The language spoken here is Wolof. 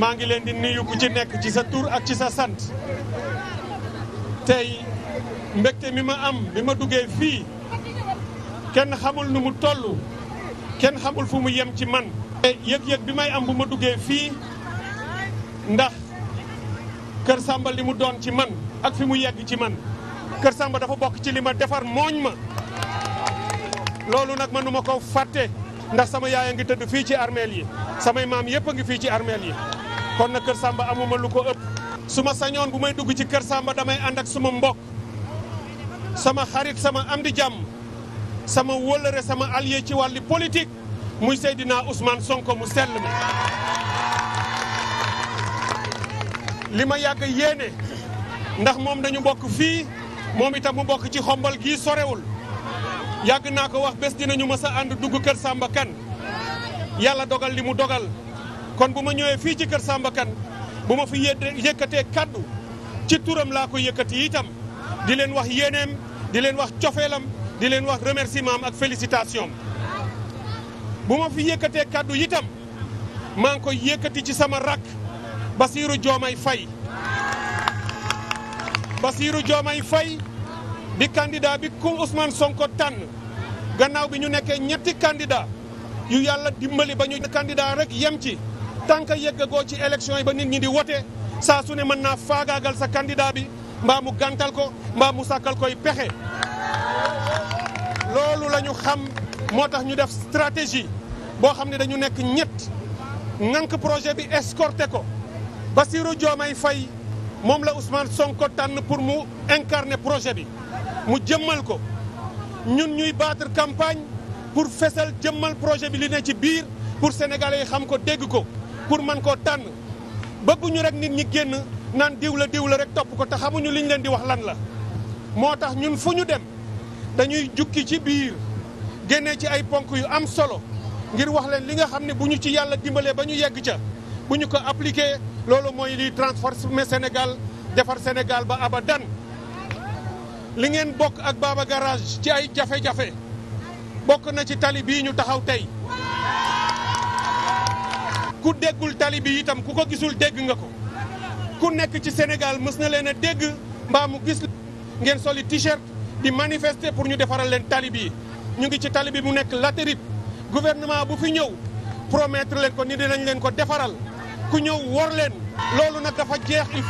maa ngi leen di nuyu ku ci nekk ci sa tur ak ci sa sant tey mbégte mi ma am bi ma duggee fii kenn xamul nu mu toll kenn xamul fu mu yem ci man. te yëg-yëg bi may am bu ma duggee fii ndax Kër Samba li mu doon ci man ak fi mu yegg ci man Kër sàmba dafa bokk ci li ma defar mooñ ma loolu nag mënu ma ko fàtte ndax sama yaay a ngi tëdd fii ci armeel yi samay maam yëpp a ngi fii ci armeel yi. kon na Kër sàmba amuma lu ko ëpp su ma sañoon bu may dugg ci Kër sàmba damay ànd ak suma mbokk sama xarit sama am di jàmm sama wëlëre sama allié ci wàlli politik muy Seydina Ousmane Sonko mu sell mi li ma yàgg yéene ndax moom dañu bokk fii moom itam mu bokk ci xombal gii sorewul yàgg naa ko wax bés dinañu ma sa ànd dugg Kër Samba kan yàlla dogal li mu dogal kon bu ma ñëwee fii ci kër Samba Kane bu ma fi yëkkatee kaddu ci turam laa ko yëkkati itam di leen wax yéeneem di leen wax cofeelam di leen wax remerciement am ak félicitation bu ma fi yëkkatee kaddu itam maa ngi koy yëkkati ci sama rakk Basirou Diomaye Faye Basirou Diomaye Faye di candidat bi ku Ousmane Sonko tànn gannaaw bi ñu nekkee ñetti candidat yu yàlla dimbali ba ñu candidat rek yem ci tant que yeggagoo ci élection yi ba nit ñi di wote saa su ne mën naa faagaagal sa candidat bi mbaa mu gàntal ko mbaa mu sàkkal koy pexe loolu lañu xam moo tax ñu def stratégie boo xam ne dañu nekk ñett ŋànk projet bi escorté ko Bassirou Diomaye fay moom la Ousmane Sonko tànn pour mu incarner projet bi mu jëmmal ko ñun ñuy battre campagne pour fesal jëmmal projet bi li ne ci biir pour sénégalais yi xam ko dégg ko pour man koo tànn bëgguñu rek nit ñi génn naan diw la diw la rek topp ko te xamuñu liñ leen di wax lan la. moo tax ñun fu ñu dem dañuy jukki ci biir génnee ci ay ponk yu am solo ngir wax leen li nga xam ne bu ñu ci yàlla dimbalee ba ñu yegg ca bu ñu ko appliqué loolu mooy liy transformer Sénégal defar Sénégal ba abadan li ngeen bokk ak Baba Garage ci ay jafe-jafe bokk na ci tali bii ñu taxaw tey. ku déggul tali bi itam ku ko gisul dégg nga ko ku nekk ci Sénégal mës na leen a dégg mbaa mu gis ngeen soli t-shirt di manifester pour ñu defaral leen tali bi ñu ngi ci tali bi mu nekk latérite gouvernement bu fi ñëw promettre leen ko ni dinañ leen ko defaral ku ñëw wor leen loolu nag dafa jeex